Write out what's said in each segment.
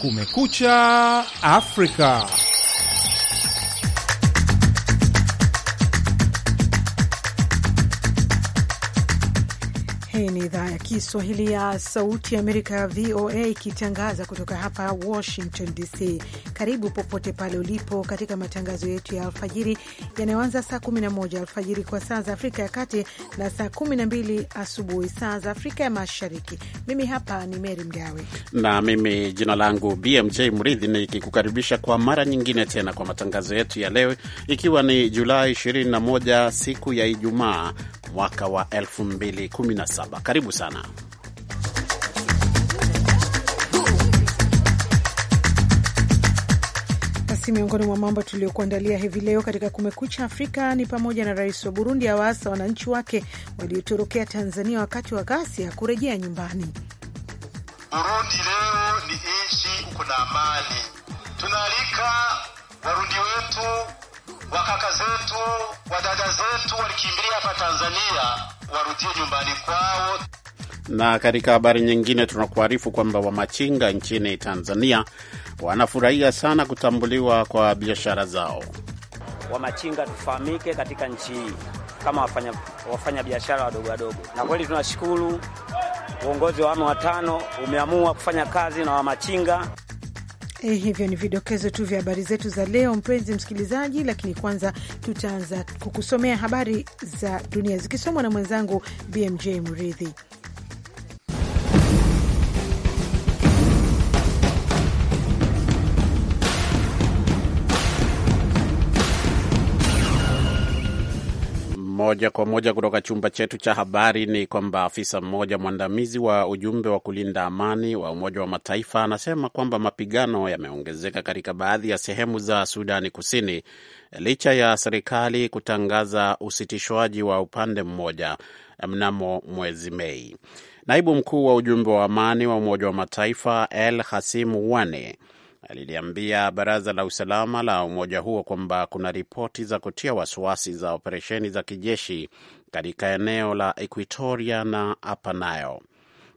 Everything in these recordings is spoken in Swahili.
Kumekucha Afrika. Hii ni idhaa ya Kiswahili ya Sauti ya Amerika, VOA, ikitangaza kutoka hapa Washington DC. Karibu popote pale ulipo katika matangazo yetu ya alfajiri yanayoanza saa 11 alfajiri kwa saa za Afrika ya Kati na saa 12 asubuhi saa za Afrika ya Mashariki. Mimi hapa ni Meri Mgawe na mimi jina langu BMJ Mridhi, nikikukaribisha kwa mara nyingine tena kwa matangazo yetu ya leo, ikiwa ni Julai 21 siku ya Ijumaa mwaka wa 2017. Karibu sana. Basi miongoni mwa mambo tuliyokuandalia hivi leo katika Kumekucha Afrika ni pamoja na rais wa Burundi awaasa wananchi wake waliotorokea Tanzania wakati wa ghasia kurejea nyumbani. Burundi leo ni nchi, uko na amani. Tunaalika Warundi wetu wakaka zetu, wadada zetu walikimbilia hapa Tanzania warudie nyumbani kwao. Na katika habari nyingine, tunakuarifu kwamba wamachinga nchini Tanzania wanafurahia sana kutambuliwa kwa biashara zao. Wamachinga tufahamike katika nchi hii kama wafanya, wafanya biashara wadogo wadogo, na kweli tunashukuru uongozi wa awamu watano tano umeamua kufanya kazi na wamachinga. Eh, hivyo ni vidokezo tu vya habari zetu za leo, mpenzi msikilizaji, lakini kwanza tutaanza kukusomea habari za dunia zikisomwa na mwenzangu BMJ Muridhi. Moja kwa moja kutoka chumba chetu cha habari ni kwamba afisa mmoja mwandamizi wa ujumbe wa kulinda amani wa Umoja wa Mataifa anasema kwamba mapigano yameongezeka katika baadhi ya sehemu za Sudani Kusini licha ya serikali kutangaza usitishwaji wa upande mmoja mnamo mwezi Mei. Naibu mkuu wa ujumbe wa amani wa Umoja wa Mataifa El Hasimu Wane liliambia baraza la usalama la umoja huo kwamba kuna ripoti za kutia wasiwasi za operesheni za kijeshi katika eneo la Equatoria na Upper Nile.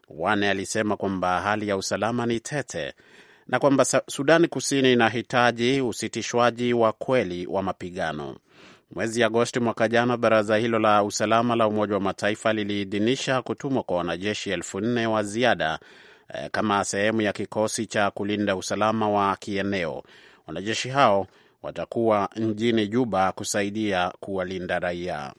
Wane alisema kwamba hali ya usalama ni tete na kwamba Sudani Kusini inahitaji usitishwaji wa kweli wa mapigano. Mwezi Agosti mwaka jana, baraza hilo la usalama la Umoja wa Mataifa liliidhinisha kutumwa kwa wanajeshi elfu nne wa ziada Eh, kama sehemu ya kikosi cha kulinda usalama wa kieneo. Wanajeshi hao watakuwa mjini Juba kusaidia kuwalinda raia.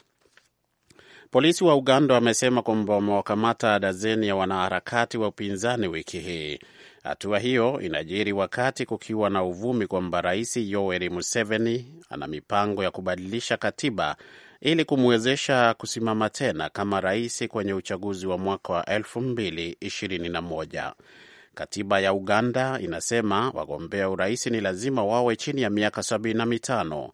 Polisi wa Uganda wamesema kwamba wamewakamata dazeni ya wanaharakati wa upinzani wiki hii. Hatua hiyo inajiri wakati kukiwa na uvumi kwamba Rais Yoweri Museveni ana mipango ya kubadilisha katiba ili kumwezesha kusimama tena kama rais kwenye uchaguzi wa mwaka wa 2021. Katiba ya Uganda inasema wagombea urais ni lazima wawe chini ya miaka 75,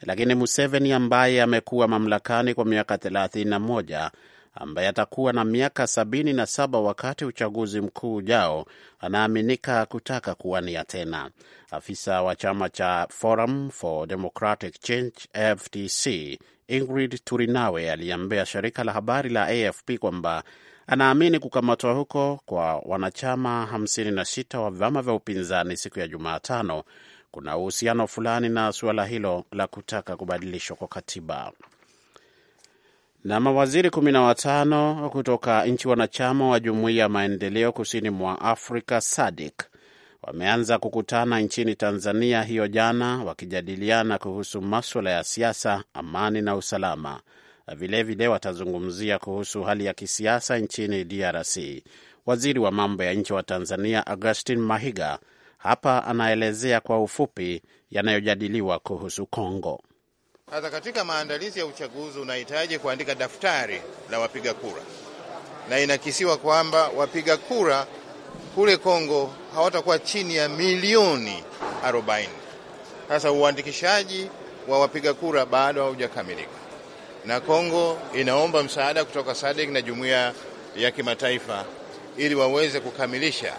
lakini Museveni ambaye amekuwa mamlakani kwa miaka 31 ambaye atakuwa na miaka 77 wakati uchaguzi mkuu ujao, anaaminika kutaka kuwania tena. Afisa wa chama cha Forum for Democratic Change FDC Ingrid Turinawe aliambia shirika la habari la AFP kwamba anaamini kukamatwa huko kwa wanachama 56 wa vyama vya upinzani siku ya Jumatano kuna uhusiano fulani na suala hilo la kutaka kubadilishwa kwa katiba. Na mawaziri 15 kutoka nchi wanachama wa jumuiya ya maendeleo kusini mwa Afrika SADC wameanza kukutana nchini Tanzania hiyo jana, wakijadiliana kuhusu maswala ya siasa, amani na usalama. Vilevile vile watazungumzia kuhusu hali ya kisiasa nchini DRC. Waziri wa mambo ya nje wa Tanzania Augustin Mahiga hapa anaelezea kwa ufupi yanayojadiliwa kuhusu Kongo. Hata katika maandalizi ya uchaguzi unahitaji kuandika daftari la wapiga kura, na inakisiwa kwamba wapiga kura kule Kongo hawatakuwa chini ya milioni 40. Sasa uandikishaji wa wapiga kura bado haujakamilika, na Kongo inaomba msaada kutoka SADC na jumuiya ya kimataifa ili waweze kukamilisha.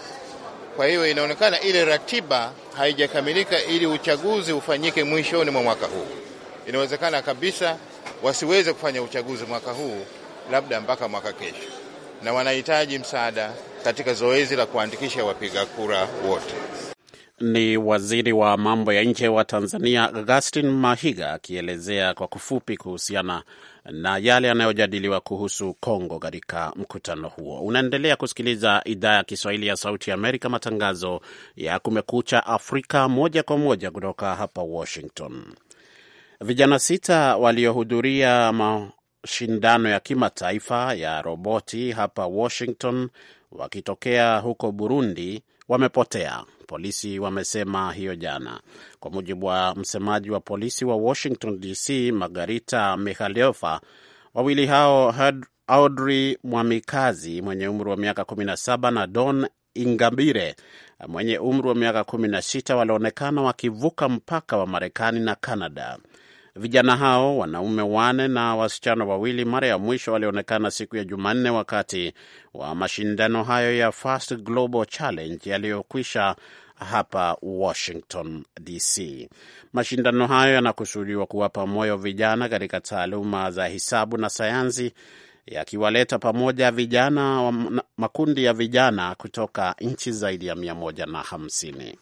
Kwa hiyo inaonekana ile ratiba haijakamilika ili uchaguzi ufanyike mwishoni mwa mwaka huu. Inawezekana kabisa wasiweze kufanya uchaguzi mwaka huu, labda mpaka mwaka kesho na wanahitaji msaada katika zoezi la kuandikisha wapiga kura wote. Ni waziri wa mambo ya nje wa Tanzania Augustin Mahiga akielezea kwa kufupi kuhusiana na yale yanayojadiliwa kuhusu Kongo katika mkutano huo. Unaendelea kusikiliza idhaa ya Kiswahili ya Sauti ya Amerika, matangazo ya Kumekucha Afrika, moja kwa moja kutoka hapa Washington. Vijana sita waliohudhuria mashindano ya kimataifa ya roboti hapa Washington wakitokea huko Burundi wamepotea, polisi wamesema hiyo jana, kwa mujibu wa msemaji wa polisi wa Washington DC, Margarita Mihaleofa. Wawili hao Audrey Mwamikazi mwenye umri wa miaka 17 na Don Ingabire mwenye umri wa miaka 16 walionekana wakivuka mpaka wa Marekani na canada Vijana hao wanaume wane na wasichana wawili mara ya mwisho walionekana siku ya Jumanne wakati wa mashindano hayo ya Fast Global Challenge yaliyokwisha hapa Washington DC. Mashindano hayo yanakusudiwa kuwapa moyo vijana katika taaluma za hisabu na sayansi, yakiwaleta pamoja vijana makundi ya vijana kutoka nchi zaidi ya mia moja na hamsini.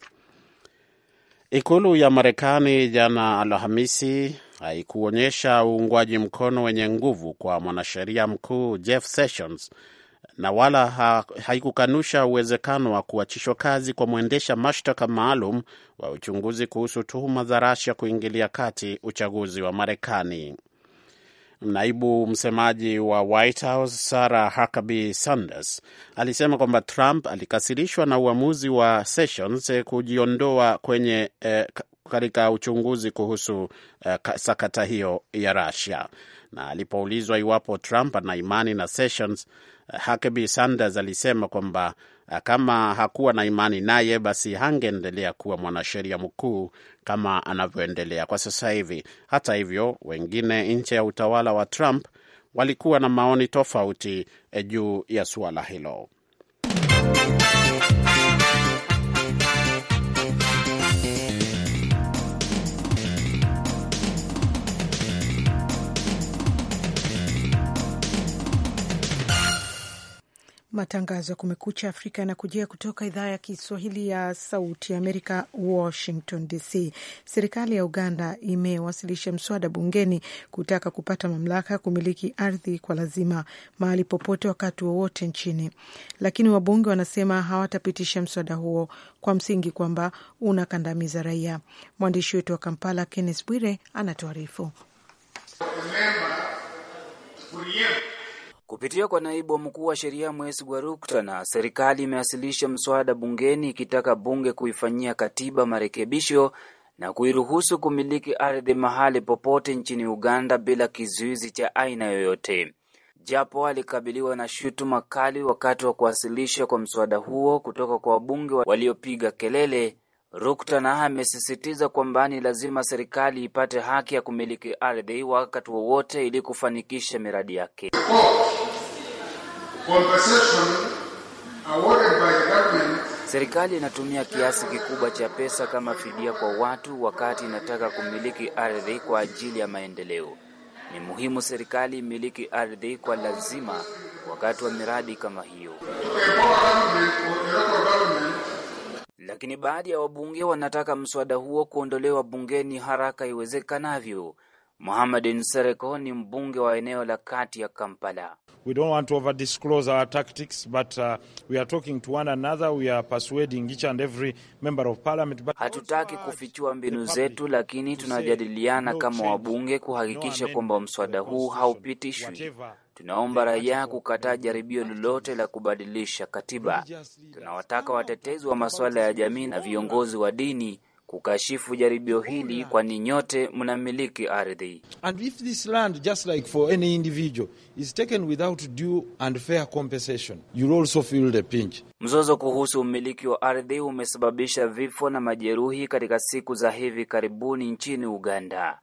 Ikulu ya Marekani jana Alhamisi haikuonyesha uungwaji mkono wenye nguvu kwa mwanasheria mkuu Jeff Sessions na wala ha, haikukanusha uwezekano wa kuachishwa kazi kwa mwendesha mashtaka maalum wa uchunguzi kuhusu tuhuma za Russia kuingilia kati uchaguzi wa Marekani. Naibu msemaji wa White House Sarah Huckabee Sanders alisema kwamba Trump alikasirishwa na uamuzi wa Sessions kujiondoa kwenye eh, katika uchunguzi kuhusu uh, sakata hiyo ya Russia. Na alipoulizwa iwapo Trump ana imani na Sessions, uh, Huckabee Sanders alisema kwamba uh, kama hakuwa na imani naye basi hangeendelea kuwa mwanasheria mkuu kama anavyoendelea kwa sasa hivi. Hata hivyo, wengine nje ya utawala wa Trump walikuwa na maoni tofauti juu ya suala hilo. Matangazo ya Kumekucha Afrika yanakujia kutoka idhaa ya Kiswahili ya Sauti Amerika, Washington DC. Serikali ya Uganda imewasilisha mswada bungeni kutaka kupata mamlaka ya kumiliki ardhi kwa lazima mahali popote wakati wowote nchini, lakini wabunge wanasema hawatapitisha mswada huo kwa msingi kwamba unakandamiza raia. Mwandishi wetu wa Kampala, Kenneth Bwire, anatuarifu. Kupitia kwa naibu mkuu wa sheria Gwarukta, na serikali imewasilisha mswada bungeni ikitaka bunge kuifanyia katiba marekebisho na kuiruhusu kumiliki ardhi mahali popote nchini Uganda bila kizuizi cha aina yoyote. Japo alikabiliwa na shutuma kali wakati wa kuwasilisha kwa mswada huo kutoka kwa wabunge waliopiga kelele, Rukutana amesisitiza kwamba ni lazima serikali ipate haki ya kumiliki ardhi wakati wowote ili kufanikisha miradi yake. Serikali inatumia kiasi kikubwa cha pesa kama fidia kwa watu wakati inataka kumiliki ardhi kwa ajili ya maendeleo. Ni muhimu serikali imiliki ardhi kwa lazima wakati wa miradi kama hiyo lakini baadhi ya wabunge wanataka mswada huo kuondolewa bungeni haraka iwezekanavyo. Muhamad Nsereko ni mbunge wa eneo la kati ya Kampala. We don't want to our tactics but uh, we are talking to one another, we are persuading each and every member of parliament but hatutaki kufichua mbinu zetu, lakini tunajadiliana kama wabunge kuhakikisha no kwamba mswada huu haupitishwi Tunaomba raia kukataa jaribio lolote la kubadilisha katiba. Tunawataka watetezi wa masuala ya jamii na viongozi wa dini kukashifu jaribio hili, kwani nyote mnamiliki ardhi. And if this land just like for any individual is taken without due and fair compensation, you also feel the pinch. Mzozo kuhusu umiliki wa ardhi umesababisha vifo na majeruhi katika siku za hivi karibuni nchini Uganda.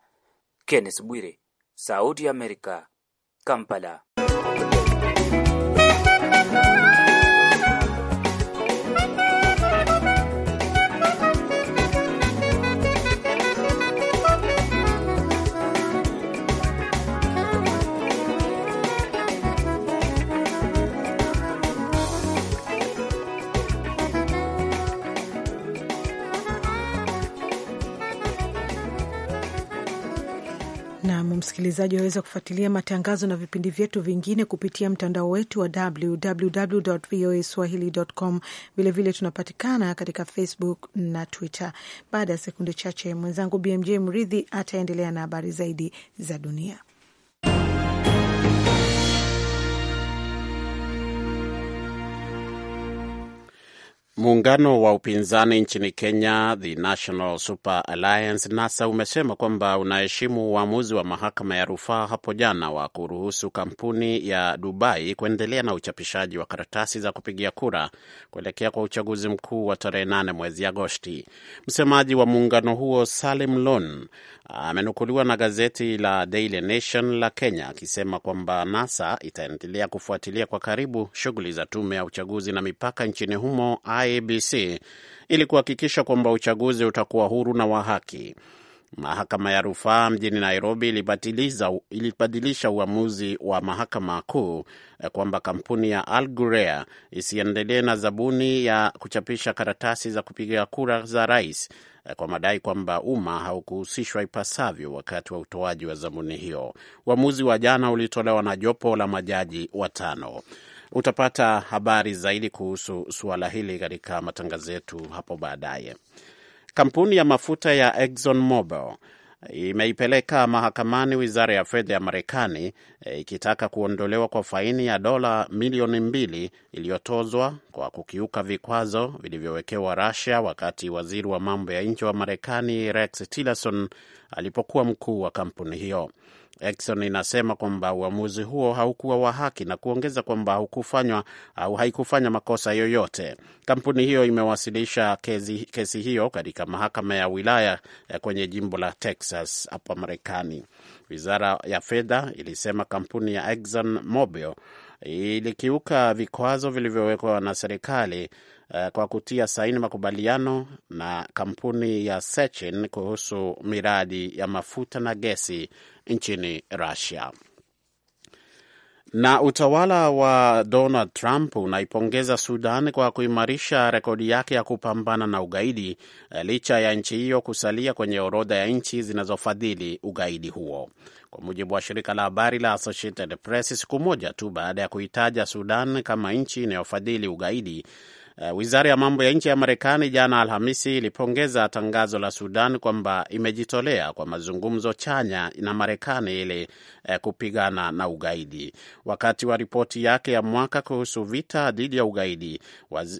Kenneth Bwire, Sauti ya Amerika, kampala msikilizaji, waweza kufuatilia matangazo na vipindi vyetu vingine kupitia mtandao wetu wa www voa swahili.com. Vilevile tunapatikana katika Facebook na Twitter. Baada ya sekunde chache, mwenzangu BMJ Mridhi ataendelea na habari zaidi za dunia. Muungano wa upinzani nchini Kenya, the National Super Alliance, NASA, umesema kwamba unaheshimu uamuzi wa mahakama ya rufaa hapo jana wa kuruhusu kampuni ya Dubai kuendelea na uchapishaji wa karatasi za kupigia kura kuelekea kwa uchaguzi mkuu wa tarehe 8 mwezi Agosti. Msemaji wa muungano huo Salim Lon amenukuliwa na gazeti la Daily Nation la Kenya akisema kwamba NASA itaendelea kufuatilia kwa karibu shughuli za tume ya uchaguzi na mipaka nchini humo IEBC ili kuhakikisha kwamba uchaguzi utakuwa huru na wa haki. Mahakama ya rufaa mjini Nairobi ilibadilisha uamuzi wa mahakama kuu eh, kwamba kampuni ya algurea isiendelee na zabuni ya kuchapisha karatasi za kupiga kura za rais eh, kwa madai kwamba umma haukuhusishwa ipasavyo wakati wa utoaji wa zabuni hiyo. Uamuzi wa jana ulitolewa na jopo la majaji watano. Utapata habari zaidi kuhusu suala hili katika matangazo yetu hapo baadaye. Kampuni ya mafuta ya Exxon Mobil imeipeleka mahakamani wizara ya fedha ya Marekani e, ikitaka kuondolewa kwa faini ya dola milioni mbili iliyotozwa kwa kukiuka vikwazo vilivyowekewa Russia wakati waziri wa mambo ya nje wa Marekani Rex Tillerson alipokuwa mkuu wa kampuni hiyo. Exxon inasema kwamba uamuzi huo haukuwa wa haki na kuongeza kwamba haukufanywa au haikufanya makosa yoyote. Kampuni hiyo imewasilisha kesi, kesi hiyo katika mahakama ya wilaya eh, kwenye jimbo la Texas hapa Marekani. Wizara ya fedha ilisema kampuni ya Exxon Mobil ilikiuka vikwazo vilivyowekwa na serikali Eh, kwa kutia saini makubaliano na kampuni ya Sechin kuhusu miradi ya mafuta na gesi nchini Russia. Na utawala wa Donald Trump unaipongeza Sudan kwa kuimarisha rekodi yake ya kupambana na ugaidi eh, licha ya nchi hiyo kusalia kwenye orodha ya nchi zinazofadhili ugaidi huo. Kwa mujibu wa shirika la habari la Associated Press, siku moja tu baada ya kuitaja Sudan kama nchi inayofadhili ugaidi, Uh, wizara ya mambo ya nje ya Marekani jana Alhamisi ilipongeza tangazo la Sudan kwamba imejitolea kwa mazungumzo chanya na Marekani ili uh, kupigana na ugaidi. Wakati wa ripoti yake ya mwaka kuhusu vita dhidi ya ugaidi,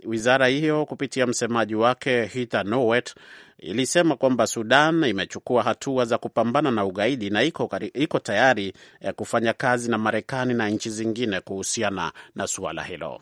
wizara hiyo kupitia msemaji wake Heather Nauert ilisema kwamba Sudan imechukua hatua za kupambana na ugaidi na iko, iko tayari uh, kufanya kazi na Marekani na nchi zingine kuhusiana na suala hilo.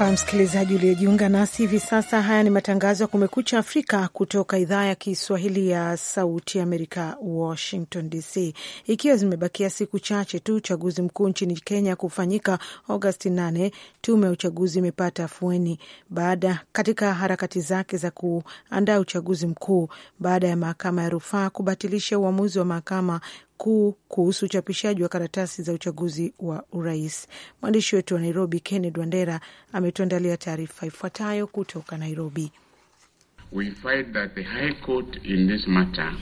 Kwa msikilizaji uliyejiunga nasi hivi sasa, haya ni matangazo ya Kumekucha Afrika kutoka idhaa ya Kiswahili ya Sauti Amerika, Washington DC. Ikiwa zimebakia siku chache tu uchaguzi mkuu nchini Kenya kufanyika Agosti 8, tume ya uchaguzi imepata afueni baada katika harakati zake za kuandaa uchaguzi mkuu baada ya mahakama ya rufaa kubatilisha uamuzi wa mahakama kuu kuhusu uchapishaji wa karatasi za uchaguzi wa urais. Mwandishi wetu wa Nairobi, Kennedy Wandera, ametuandalia taarifa ifuatayo kutoka Nairobi. We find that the High Court in this matter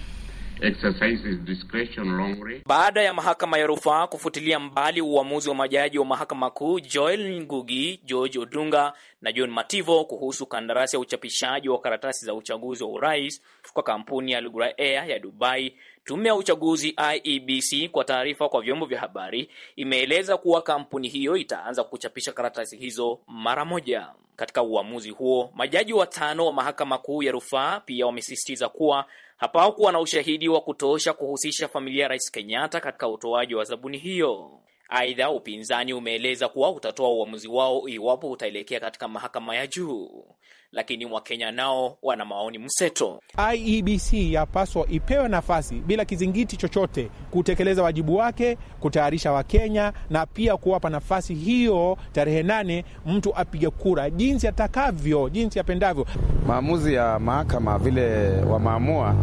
baada ya mahakama ya rufaa kufutilia mbali uamuzi wa majaji wa mahakama kuu Joel Ngugi, George Odunga na John Mativo kuhusu kandarasi ya uchapishaji wa karatasi za uchaguzi wa urais kwa kampuni ya Lugura Air ya Dubai Tume ya Uchaguzi IEBC kwa taarifa kwa vyombo vya habari imeeleza kuwa kampuni hiyo itaanza kuchapisha karatasi hizo mara moja. Katika uamuzi huo, majaji watano wa mahakama kuu ya rufaa pia wamesisitiza kuwa hapakuwa na ushahidi wa kutosha kuhusisha familia ya Rais Kenyatta katika utoaji wa zabuni hiyo. Aidha, upinzani umeeleza kuwa utatoa uamuzi wao iwapo utaelekea katika mahakama ya juu, lakini Wakenya nao wana maoni mseto. IEBC yapaswa ipewe nafasi bila kizingiti chochote kutekeleza wajibu wake, kutayarisha Wakenya na pia kuwapa nafasi hiyo tarehe nane mtu apige kura jinsi atakavyo, jinsi apendavyo. Maamuzi ya mahakama vile wameamua,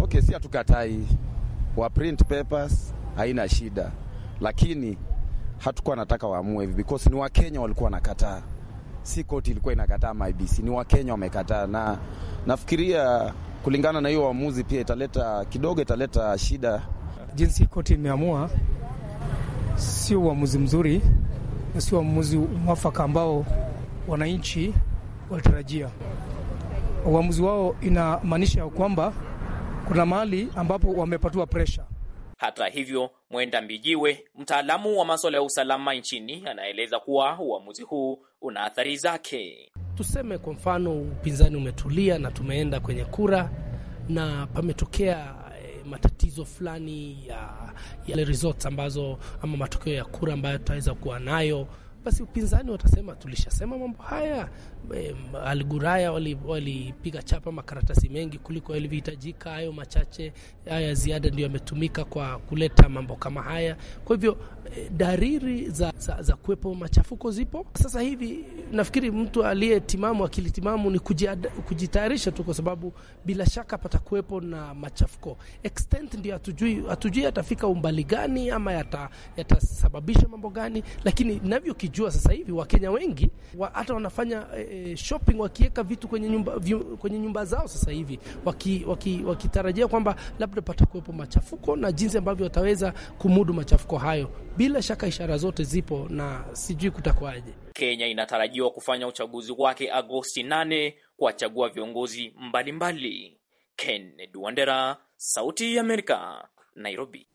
okay, si hatukatai, wa print papers haina shida lakini hatukuwa nataka waamue hivi because ni Wakenya walikuwa wanakataa, si koti ilikuwa inakataa, MIBC ni Wakenya wamekataa, na nafikiria kulingana na hiyo uamuzi pia italeta kidogo, italeta shida. Jinsi koti imeamua sio uamuzi mzuri na sio uamuzi mwafaka ambao wananchi walitarajia. Uamuzi wao inamaanisha kwamba kuna mahali ambapo wamepatiwa pressure hata hivyo, Mwenda Mbijiwe, mtaalamu wa maswala ya usalama nchini, anaeleza kuwa uamuzi huu una athari zake. Tuseme kwa mfano, upinzani umetulia na tumeenda kwenye kura na pametokea eh, matatizo fulani ya, ya results ambazo ama matokeo ya kura ambayo tutaweza kuwa nayo basi upinzani watasema tulishasema mambo haya. Alguraya walipiga wali chapa makaratasi mengi kuliko yalivyohitajika. Hayo machache haya ziada ndio yametumika kwa kuleta mambo kama haya. Kwa hivyo dariri za, za, za kuwepo machafuko zipo sasa hivi. Nafikiri mtu aliyetimamu akili timamu ni kujitayarisha tu, kwa sababu bila shaka patakuwepo na machafuko. Extent ndio hatujui, hatujui yatafika umbali gani ama yatasababisha yata mambo gani, lakini navyokijua sasa hivi Wakenya wengi hata wa, wanafanya e, shopping wakiweka vitu kwenye nyumba, vyu, kwenye nyumba zao sasa hivi wakitarajia waki, waki kwamba labda patakuwepo machafuko na jinsi ambavyo wataweza kumudu machafuko hayo. Bila shaka ishara zote zipo na sijui kutakuwaje. Kenya inatarajiwa kufanya uchaguzi wake Agosti 8 kuwachagua viongozi mbalimbali. Kennedy Wandera, Sauti ya Amerika, Nairobi.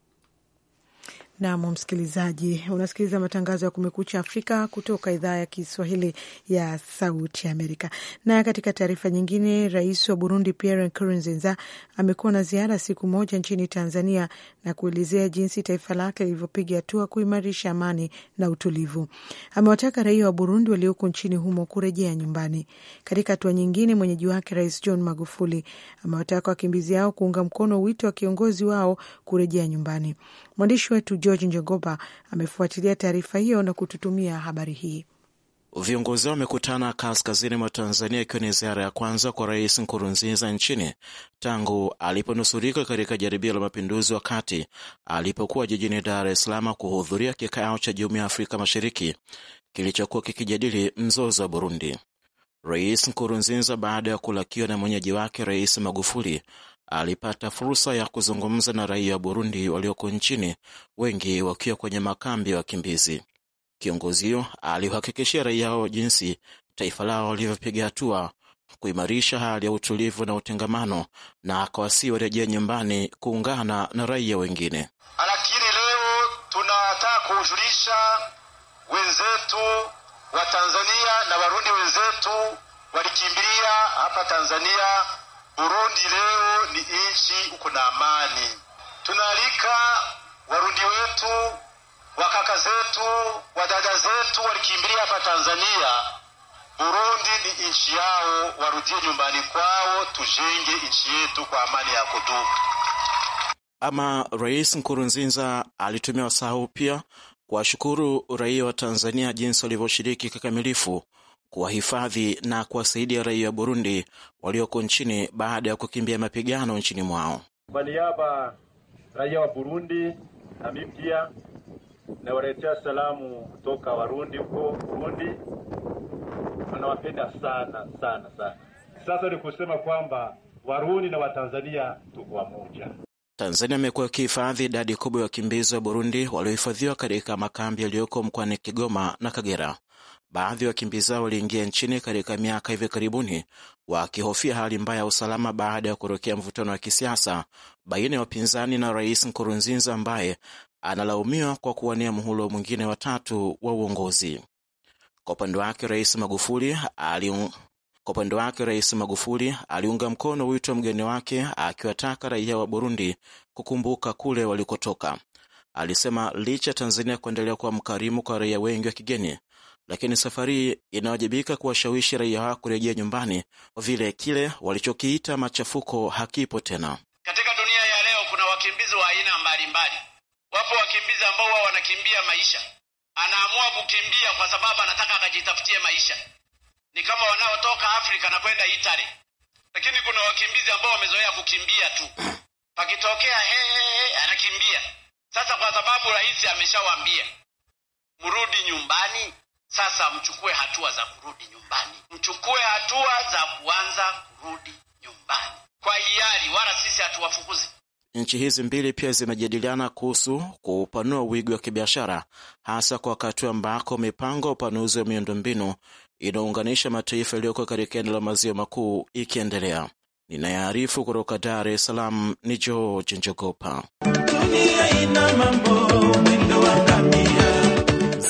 Nam msikilizaji, unasikiliza matangazo ya Kumekucha Afrika kutoka idhaa ya Kiswahili ya Sauti Amerika. Na katika taarifa nyingine, rais wa Burundi Pierre Nkurunziza amekuwa na ziara siku moja nchini Tanzania na kuelezea jinsi taifa lake lilivyopiga hatua kuimarisha amani na utulivu. Amewataka raia wa Burundi walioko nchini humo kurejea nyumbani. Katika hatua nyingine, mwenyeji wake Rais John Magufuli amewataka wakimbizi hao kuunga mkono wito wa kiongozi wao kurejea nyumbani. Mwandishi wetu George Njogopa amefuatilia taarifa hiyo na kututumia habari hii. Viongozi hao wamekutana kaskazini mwa Tanzania, ikiwa ni ziara ya kwanza kwa Rais Nkurunziza nchini tangu aliponusurika katika jaribio la mapinduzi, wakati alipokuwa jijini Dar es Salaam kuhudhuria kikao cha Jumuiya ya Afrika Mashariki kilichokuwa kikijadili mzozo wa Burundi. Rais Nkurunziza, baada ya kulakiwa na mwenyeji wake Rais Magufuli, alipata fursa ya kuzungumza na raia wa Burundi walioko nchini, wengi wakiwa kwenye makambi ya wakimbizi. Kiongozi huyo aliwahakikishia raia hao jinsi taifa lao lilivyopiga hatua kuimarisha hali ya utulivu na utengamano, na akawasii warejea nyumbani kuungana na raia wengine. Lakini leo tunataka kuhujulisha wenzetu wa Tanzania na Warundi wenzetu walikimbilia hapa Tanzania Burundi leo ni nchi uko na amani. Tunaalika Warundi wetu, wakaka zetu, wadada zetu walikimbilia hapa Tanzania. Burundi ni nchi yao, warudie nyumbani kwao, tujenge nchi yetu kwa amani ya kudumu. Ama Rais Nkurunziza alitumia wasahau pia kuwashukuru raia wa Tanzania jinsi walivyoshiriki kikamilifu kuwahifadhi na kuwasaidia raia wa Burundi walioko nchini baada ya kukimbia mapigano nchini mwao. Kwa niaba raia wa Burundi, pia nawaletea salamu kutoka Warundi huko Burundi, wanawapenda sana sana sana. Sasa ni kusema kwamba Warundi na Watanzania tuko wamoja. Tanzania imekuwa ikihifadhi idadi kubwa ya wakimbizi wa Burundi waliohifadhiwa katika makambi yaliyoko mkoani Kigoma na Kagera. Baadhi ya wakimbizi hao waliingia nchini katika miaka hivi karibuni wakihofia hali mbaya ya usalama baada ya kurokea mvutano wa kisiasa baina ya wapinzani na Rais Nkurunziza ambaye analaumiwa kwa kuwania muhula mwingine watatu wa uongozi. Kwa upande wake Rais Magufuli kwa upande wake Rais Magufuli aliunga mkono wito wa mgeni wake akiwataka raia wa Burundi kukumbuka kule walikotoka. Alisema licha ya Tanzania kuendelea kuwa mkarimu kwa raia wengi wa kigeni, lakini safari inawajibika kuwashawishi raia wao kurejea nyumbani kwa vile kile walichokiita machafuko hakipo tena. Katika dunia ya leo kuna wakimbizi wa aina mbalimbali. Wapo wakimbizi ambao wao wanakimbia maisha, anaamua kukimbia kwa sababu anataka akajitafutie maisha, ni kama wanaotoka Afrika na kwenda Italy. Lakini kuna wakimbizi ambao wamezoea kukimbia tu, pakitokea hey, hey, hey, anakimbia sasa, kwa sababu rais ameshawaambia mrudi nyumbani sasa mchukue hatua za kurudi nyumbani, mchukue hatua za kuanza kurudi nyumbani kwa hiari, wala sisi hatuwafukuzi. Nchi hizi mbili pia zimejadiliana kuhusu kuupanua wigo wa kibiashara, hasa kwa wakati ambako mipango ya upanuzi wa miundombinu inaunganisha mataifa yaliyoko katika eneo la maziwa makuu ikiendelea. Ninayaarifu kutoka Dar es Salaam ni George Njogopa.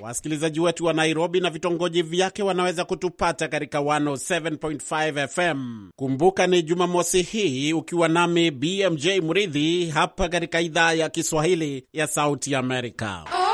Wasikilizaji wetu wa Nairobi na vitongoji vyake wanaweza kutupata katika 107.5 FM. Kumbuka ni Jumamosi hii ukiwa nami BMJ Mridhi hapa katika idhaa ya Kiswahili ya Sauti Amerika. Oh,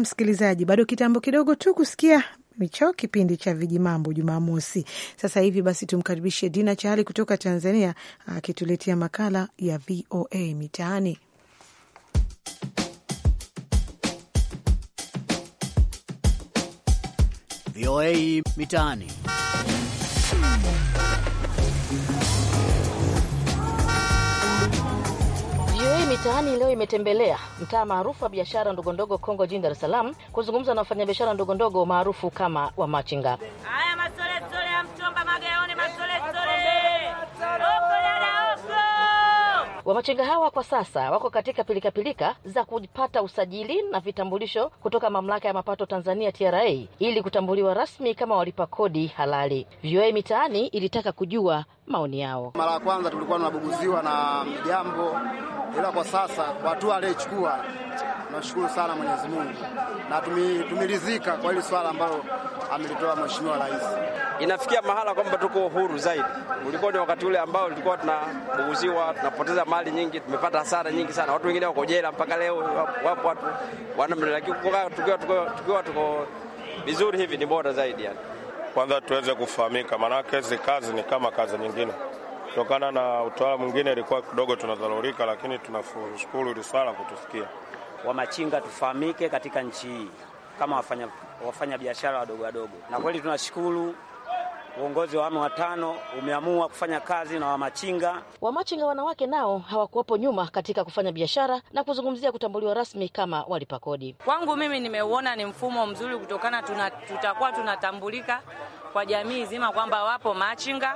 msikilizaji, bado kitambo kidogo tu kusikia Michao kipindi cha Vijimambo Jumamosi. Sasa hivi basi tumkaribishe Dina Chahali kutoka Tanzania akituletea makala ya VOA Mitaani. VOA Mitaani. Mitaani leo imetembelea mtaa maarufu wa biashara ndogondogo Kongo jijini Dar es Salaam kuzungumza na wafanyabiashara ndogondogo maarufu kama wamachinga. Wamachinga hawa kwa sasa wako katika pilikapilika -pilika za kupata usajili na vitambulisho kutoka mamlaka ya mapato Tanzania TRA ili kutambuliwa rasmi kama walipa kodi halali. VOA Mitaani ilitaka kujua maoni yao. Mara ya kwanza tulikuwa tunabuguziwa na jambo, ila kwa sasa watu aliyechukua tunashukuru sana Mwenyezi Mungu na tumeridhika kwa hili swala ambalo amelitoa Mheshimiwa Rais. Inafikia mahala kwamba tuko uhuru zaidi. kuliko ni wakati ule ambao tulikuwa tunabuguziwa, tunapoteza mali nyingi, tumepata hasara nyingi sana. Watu wengine wako jela mpaka leo, wapo watu wanamlalaki. Tukiwa tukiwa tuko vizuri hivi ni bora zaidi yani. Kwanza tuweze kufahamika, maanake hizi kazi ni kama kazi nyingine kutokana na utawala mwingine ilikuwa kidogo tunadhalulika, lakini tunashukuru hili swala kutufikia wamachinga tufahamike katika nchi hii kama wafanya, wafanya biashara wadogo wadogo, na kweli tunashukuru uongozi wa awamu watano umeamua kufanya kazi na wamachinga. Wamachinga wanawake nao hawakuwapo nyuma katika kufanya biashara na kuzungumzia kutambuliwa rasmi kama walipa kodi. Kwangu mimi nimeuona ni mfumo mzuri, kutokana tuna, tutakuwa tunatambulika kwa jamii zima kwamba wapo machinga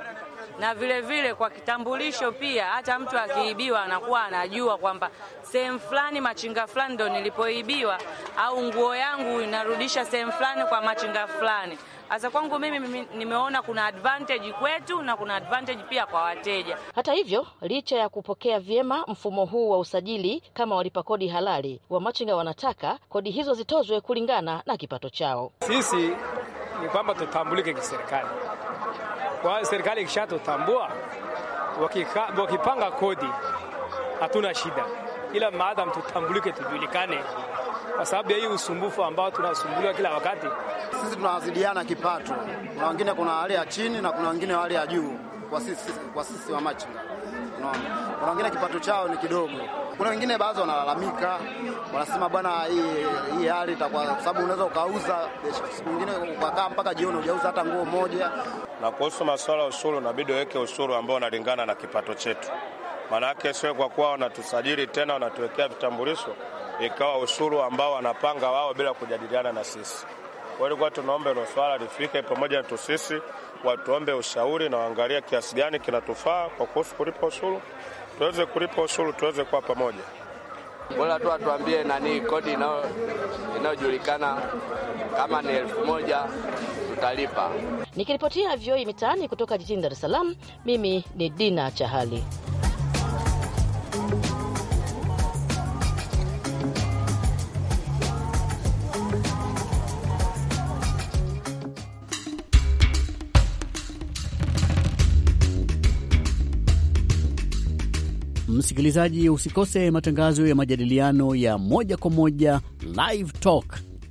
na vile vile kwa kitambulisho pia, hata mtu akiibiwa anakuwa anajua kwamba sehemu fulani machinga fulani ndo nilipoibiwa, au nguo yangu inarudisha sehemu fulani kwa machinga fulani. Sasa kwangu mimi, mimi nimeona kuna advantage kwetu na kuna advantage pia kwa wateja. Hata hivyo, licha ya kupokea vyema mfumo huu wa usajili kama walipa kodi halali, wamachinga wanataka kodi hizo zitozwe kulingana na kipato chao. Sisi ni kwamba tutambulike kiserikali kwa serikali ikishatutambua, wakipanga kodi hatuna shida, ila maadam tutambulike, tujulikane, kwa sababu ya hii usumbufu ambao tunasumbuliwa kila wakati. Sisi tunawazidiana kipato, kuna wengine, kuna hali ya chini na kuna wengine hali ya juu. Kwa sisi, kwa sisi wa machinga kuna wengine kipato chao ni kidogo, kuna wengine baadhi wanalalamika, wanasema bwana, hii hali itakuwa, sababu unaweza ukauza siku nyingine ukakaa mpaka jioni hujauza hata nguo moja. Na kuhusu masuala ya ushuru, nabidi waweke ushuru ambao unalingana na kipato chetu, yake sio kwa kuwa wanatusajili tena wanatuwekea vitambulisho ikawa ushuru ambao wanapanga wao bila kujadiliana na sisi. Kwa hiyo tunaomba hilo swala lifike pamoja na sisi, watuombe ushauri na waangalie kiasi gani kinatufaa kwa kuhusu kulipa ushuru, tuweze kulipa ushuru, tuweze kuwa pamoja. Bora tu atuambie nani kodi inayojulikana, kama ni elfu moja tutalipa. Nikiripotia Vyoi Mitaani kutoka jijini Dar es Salaam, mimi ni Dina Chahali. Msikilizaji, usikose matangazo ya majadiliano ya moja kwa moja Live Talk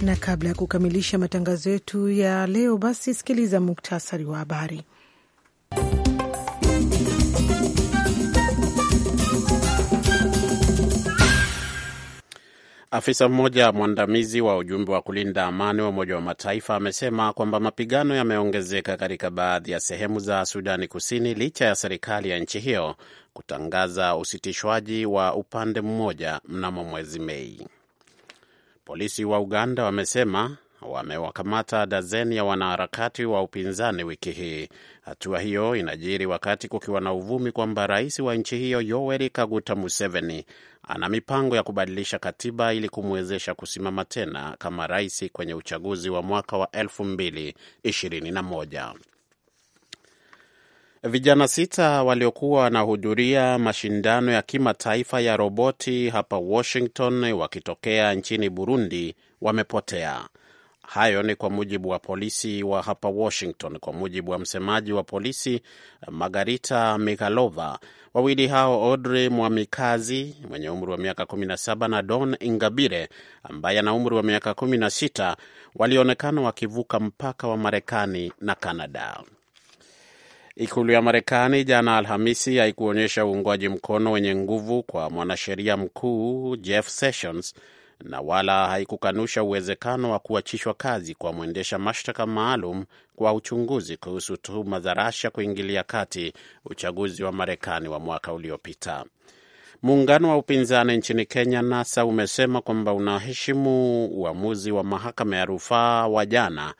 na kabla ya kukamilisha matangazo yetu ya leo, basi sikiliza muktasari wa habari. Afisa mmoja mwandamizi wa ujumbe wa kulinda amani wa Umoja wa Mataifa amesema kwamba mapigano yameongezeka katika baadhi ya sehemu za Sudani Kusini licha ya serikali ya nchi hiyo kutangaza usitishwaji wa upande mmoja mnamo mwezi Mei. Polisi wa Uganda wamesema wamewakamata dazeni ya wanaharakati wa upinzani wiki hii. Hatua hiyo inajiri wakati kukiwa na uvumi kwamba rais wa nchi hiyo Yoweri Kaguta Museveni ana mipango ya kubadilisha katiba ili kumwezesha kusimama tena kama rais kwenye uchaguzi wa mwaka wa 221 Vijana sita waliokuwa wanahudhuria mashindano ya kimataifa ya roboti hapa Washington wakitokea nchini Burundi wamepotea. Hayo ni kwa mujibu wa polisi wa hapa Washington. Kwa mujibu wa msemaji wa polisi Margarita Mikalova, wawili hao Audrey Mwamikazi mwenye umri wa miaka 17 na Don Ingabire ambaye ana umri wa miaka 16 walionekana wakivuka mpaka wa Marekani na Kanada. Ikulu ya Marekani jana Alhamisi haikuonyesha uungwaji mkono wenye nguvu kwa mwanasheria mkuu Jeff Sessions na wala haikukanusha uwezekano wa kuachishwa kazi kwa mwendesha mashtaka maalum kwa uchunguzi kuhusu tuhuma za Russia kuingilia kati uchaguzi wa Marekani wa mwaka uliopita. Muungano wa upinzani nchini Kenya, NASA, umesema kwamba unaheshimu uamuzi wa mahakama ya rufaa wa jana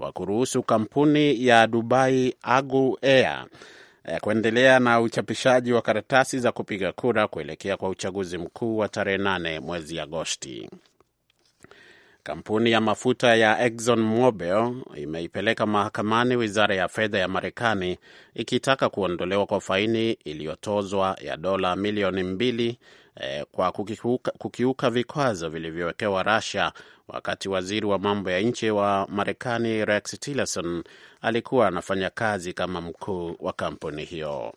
wa kuruhusu kampuni ya Dubai Agu Air eh, kuendelea na uchapishaji wa karatasi za kupiga kura kuelekea kwa uchaguzi mkuu wa tarehe 8 mwezi Agosti. Kampuni ya mafuta ya Exxon Mobil imeipeleka mahakamani wizara ya fedha ya Marekani ikitaka kuondolewa kwa faini iliyotozwa ya dola milioni mbili eh, kwa kukiuka, kukiuka vikwazo vilivyowekewa Russia wakati waziri wa mambo ya nje wa Marekani Rex Tillerson alikuwa anafanya kazi kama mkuu wa kampuni hiyo.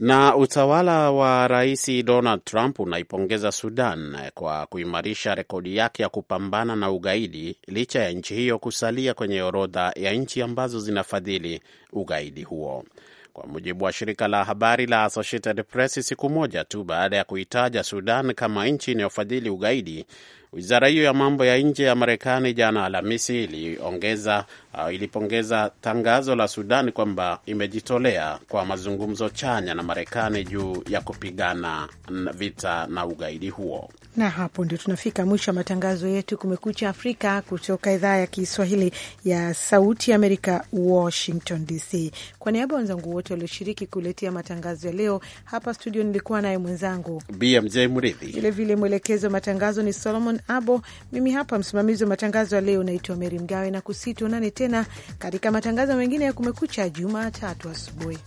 Na utawala wa Rais Donald Trump unaipongeza Sudan kwa kuimarisha rekodi yake ya kupambana na ugaidi licha ya nchi hiyo kusalia kwenye orodha ya nchi ambazo zinafadhili ugaidi huo. Kwa mujibu wa shirika la habari la Associated Press, siku moja tu baada ya kuitaja Sudan kama nchi inayofadhili ugaidi, Wizara hiyo ya mambo ya nje ya Marekani jana Alhamisi iliongeza uh, ilipongeza tangazo la Sudan kwamba imejitolea kwa mazungumzo chanya na Marekani juu ya kupigana vita na ugaidi huo. Na hapo ndio tunafika mwisho wa matangazo yetu Kumekucha Afrika kutoka idhaa ya Kiswahili ya Sauti ya Amerika, Washington DC. Kwa niaba ya wenzangu wote walioshiriki kuletea matangazo ya leo hapa studio, nilikuwa naye mwenzangu BMJ Mridhi, vilevile mwelekezi wa matangazo ni Solomon Abo. Mimi hapa msimamizi wa matangazo ya leo naitwa Meri Mgawe na kusitonane tena katika matangazo mengine ya Kumekucha Jumatatu asubuhi.